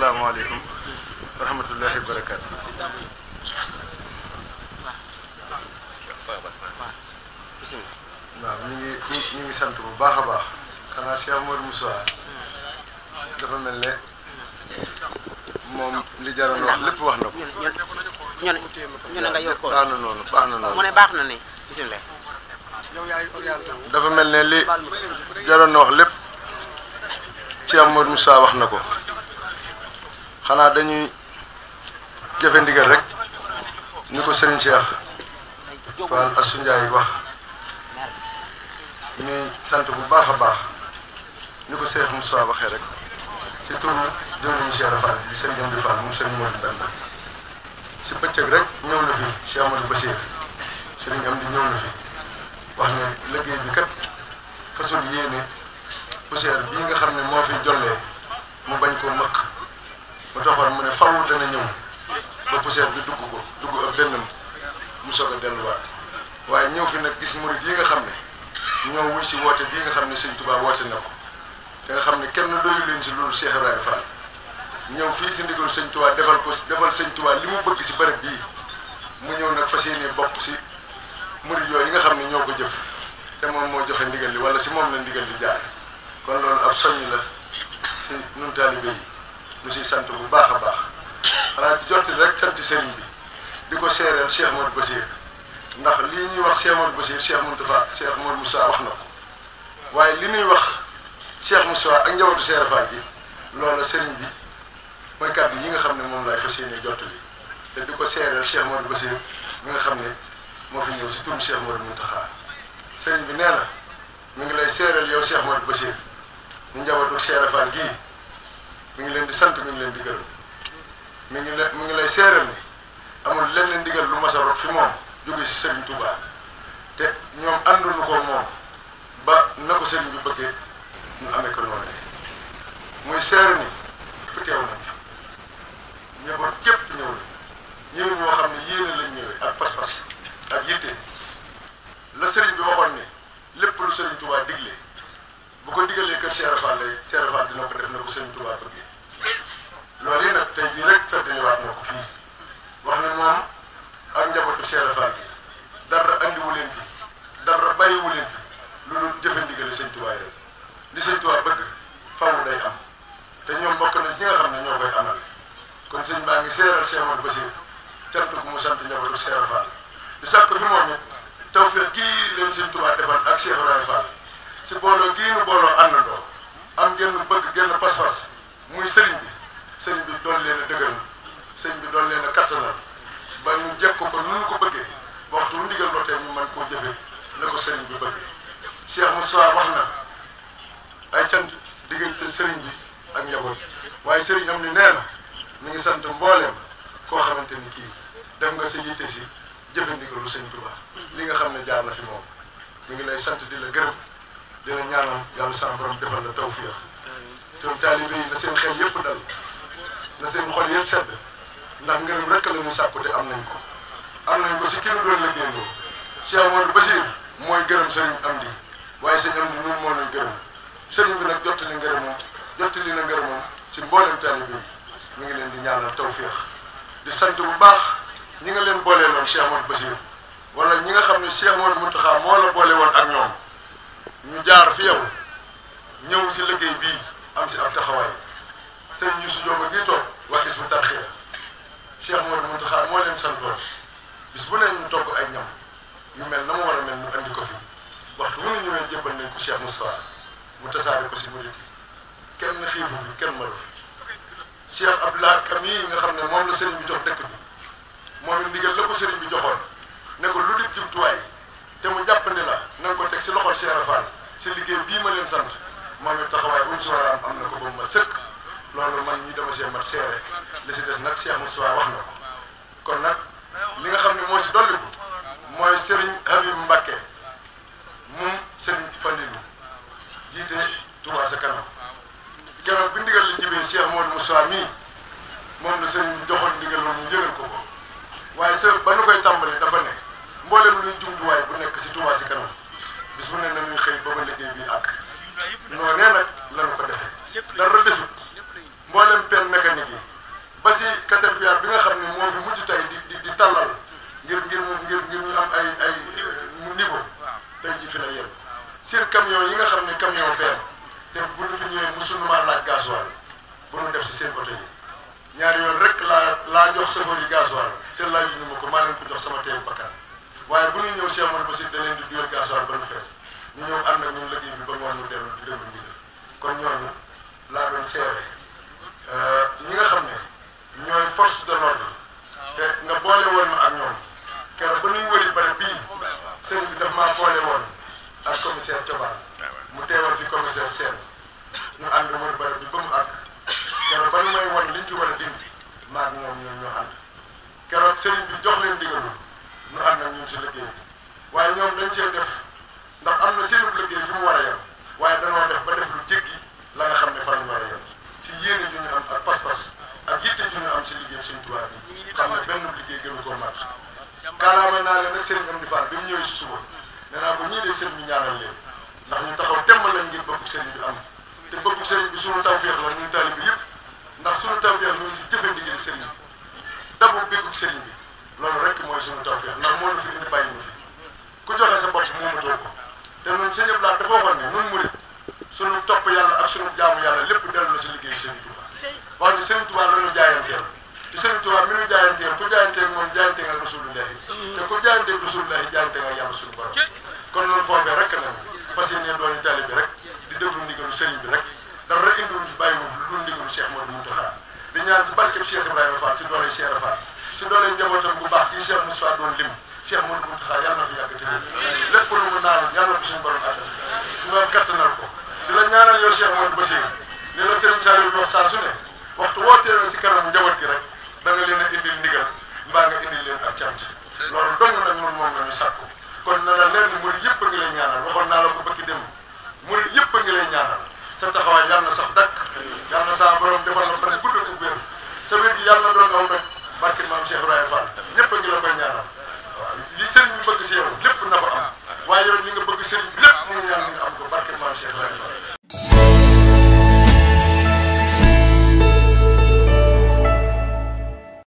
asalaamaaleykum wa rahmatullahi wa barakaatu. waaw ñu ngi ñu ngi sant bu baax a baax xanaa Cheikh Modou Moussa dafa mel ne moom li jaroon lépp wax na ko. ñu ne ñu ne nga yokkoo baax na na noonu. mu dafa mel ne li jaroon na wax lépp Cheikh Modou Moussa wax na ko. xanaa dañuy jëfe ndigal rek ni ko Serigne Cheikh Fall Assou Ndiaye wax ñuy sant bu baax a baax ni ko seex mu Moussa waxee rek si turu jëwriñu Cheikh Fall di sëriñ Amdi Fall moom sëriñ Modou Mbenda si bëccëg rek ñëw na fi Cheikh Amadou Bassir sëriñ Amdi ñëw na fi wax ne liggéey bi kat fasul yéene poussière bii nga xam ne moo fi jollee mu bañ koo mëq ba taxoon mu ne faaw dana ñëw ba poussière bi dugg ko dugg ak dënnam mu soog a delluwaat waaye ñëw fi nag gis murid yi nga xam ne ñoo wuy si woote bii nga xam ne Sëñ Tuubaa woote na ko te nga xam ne kenn doyu leen si loolu Cheikh Ibrahima Fall ñëw fii si ndigal Sëñ Tuubaa defal ko defal Sëñ li mu bëgg si bërëb bii mu ñëw nag fas yéene bokk si murid yooyu yi nga xam ne ñoo ko jëf te moom moo joxe ndigal li wala si moom la ndigal li jaar kon loolu ab so la si nun taalibe ñu siy sant bu baax a baax xanaa jotti rek sant sëriñ bi di ko seereel Cheikh Modou Bassir ndax lii ñuy wax Cheikh Modou Bassir Cheikh Moustapha Cheikh Modou Moussa wax na ko waaye li ñuy wax Cheikh Moussa ak njabootu Cheikh Fall bi loolu sëriñ bi mooy kàddu yi nga xam ne moom laay fas yéene jottali te di ko seereel Cheikh Modou mi nga xam ne moo fi ñëw si turu Cheikh Modou Mountakha seriñ bi nee na mu ngi lay seereel yow Cheikh Modou Bassir ñu njabootu Cheikh Fall gii. mu ngi leen di sant mi ngi leen di gërëm mi ngi la mi ngi lay seeral ni amul lenn ndigal lu mas a fi moom jóge si Serigne Touba te ñoom ànduñu ko moom ba na ko Serigne bi bëggee ñu amee ko noonu muy seer ni ñëpp teew nañ ñëw nañ xam ne yéene lañ ñëwee ak pas-pas ak yitte la Serigne bi waxoon ne lépp lu Serigne tubaa digle. bu ko digalee kër Cheikh Fall lay Cheikh Fall dina ko def na ko Sëriñ Tuubaa bëggee loolu yi nag tey jii rek fàttaliwaat na ko fii wax ne moom ak njabootu Cheikh Fall bi dara andiwu leen fi dara bàyyiwu leen fi loolu jëfe ndigale Sëriñ Tuubaa li Sëriñ Tuubaa bëgg faaw day am te ñoom bokk na ci nga xam ne ñoo koy amal kon sëñ baa ngi seeral Cheikh Modou Bassirou cant ko mu sant njabootu Cheikh Fall di sàkk fi moom it tawfeex gii leen Sëriñ Tuubaa defal ak Cheikh Fall. ci booloo gii nu booloo àndandoo am genn bëgg genn pas-pas muy sëriñ bi sëriñ bi doon leen a dëgëral sëriñ bi doon leen kattana kattanal ba ñu jekk ko nu ñu ko bëggee ba waxtu lu ndigal lotee ñu mën koo jëfee na ko sëriñ bi bëggee Cheikh Moussa wax na ay cant diggante sëriñ bi ak njaboot waaye sëriñ am ni nee na mi ngi sant mbooleem koo xamante ni kii def nga sa yitte si jëfandikoo lu sëriñ Tuubaa li nga xam ne jaar na fi moom mi ngi lay sant di la gërëm dina ñaanal yàlla sama borom defal la tawfiix te taalibe yi na seen xel yëpp dal na seen xol yëpp sedd ndax ngërëm rek la ñu sàkku te am nañ ko am nañ ko si kii doon la génnoo Cheikh Amadou Basir mooy gërëm sëriñ Amdi waaye sëñ Amdi ñun moo ñu gërëm sëriñ bi nag jottali ngërëmam jottali na ngërëmam si mboolem taalibe yi ñu ngi leen di ñaanal tawfiix di sant bu baax ñi nga leen booleeloon Cheikh Amadou Basir wala ñi nga xam ne Cheikh Amadou Mountakha moo la boole woon ak ñoom. ñu jaar fi yow ñëw si liggéey bii am si ab taxawaay sëriñ Youssou Diop a ngi toog waa Hizbut Tarqiyyah Cheikh Modou Mountakha moo leen santoon bis bu ne ñu togg ay ñam yu mel na mu war a mel mu andi ko fi waxtu mu ne ñëwee jébbal nañ ko Cheikh Moustapha mu tasaare ko si murit kenn xiifu kenn maru fi Cheikh Abdoulaye Kam yi nga xam ne moom la sëriñ bi jox dëkk bi moom it ndigal la ko sëriñ bi joxoon ne ko lu di jumtuwaay te mu jàppandi la si loxol Cheikh Fall si liggéey bii ma leen sant moom it taxawaay bu ñu si war a am na ko ba mu mat sëkk loolu man ñu dama see mat seere li si des nag Cheikh Moussa wax na ko kon nag li nga xam ne moo si dolliku mooy Serigne Habib Mbacké moom Serigne Fallilou jiite Touba sa kanam keroog bi ndigal la jibee Cheikh Modou Moussa mii moom la Serigne bi joxoon ndigal loolu ñu yëgal ko ko waaye sa ba nu koy tàmbalee dafa ne mboolem luy jumtuwaay bu nekk si Touba si kanam bis ne na nañu xëy ba ba liggéey bi ak noo nee nag lañu ko defee dara desut mboolem pen mécanique yi ba si caterpillar bi nga xam ne moo fi mujj tey di di tallal ngir ngir ngir ngir ñu am ay ay niveau tey ji fi la yem seen camion yi nga xam ne camion benn te bu ñu fi ñëwee mosuñu maa laaj gasoil bu ñu def si seen oto yi ñaari yoon rek laa laa jox chauffeur yi gasoil te laa laaj ñu ma ko maa leen ko jox sama teewu bakkan waaye bu ñuy ñëw Cheikh Mouhamed Bachir da leen di dugal gasoil ba bañ cee def ndax am na seen liggéey fi mu war a yem waaye danoo def ba def lu jéggi la nga xam ne fa lañ war a yem ci yéene ju ñu am ak pas-pas ak yitte ju ñu am ci liggéey Sëriñ Tuubaa bi xam ne benn liggéey gënu ko mat kaalaama naa leen nag Sëriñ Amdi Fall bi mu ñëwee si suba nee naa ko ñii de sëriñ bi leen ndax ñu taxaw temm lañ ngir bëgg sëriñ bi am te bëgg sëriñ bi suñu tawféex la ñun bi yëpp ndax suñu tawféex ñu si jëfe ndigal bi dabu bëggug loolu rek mooy suñu tawféex ndax moo la ku jaayante rasulullahi jaayante nga yàlla suñu borom kon loolu foofee rek la fas yéene doon taalibe bi rek di déglu ndigalu sëriñ bi rek dara rek indiwuñ ci bàyyiwuñ lu dul ndigalu Cheikh Modou Mountakha di ñaan ci barkeb Cheikh Ibrahima Fall ci doole Cheikh Fall ci doole njabootam bu baax yi Cheikh Moussa doon lim Cheikh Modou Mountakha yàlla na fi yàgg te lépp lu mu naan yàlla ko suñu borom àttal nga kattanal ko di la ñaanal yow Cheikh Modou Bassirou ni la sëriñ Saliou wax saa su ne waxtu wootee na ci kanam njaboot gi rek da nga leen a indil ndigal mbaa nga indil leen ak cant ñu sàkku kon na la yëpp a ngi lay ñaanal waxoon naa la ko bëgg dem murid yëpp a ngi lay ñaanal sa taxawaay yàlla na sax dakk yàlla na saa borom la fan gudd ko wér sa wér gi a na doon aw doj barke maam Cheikh Ibrahima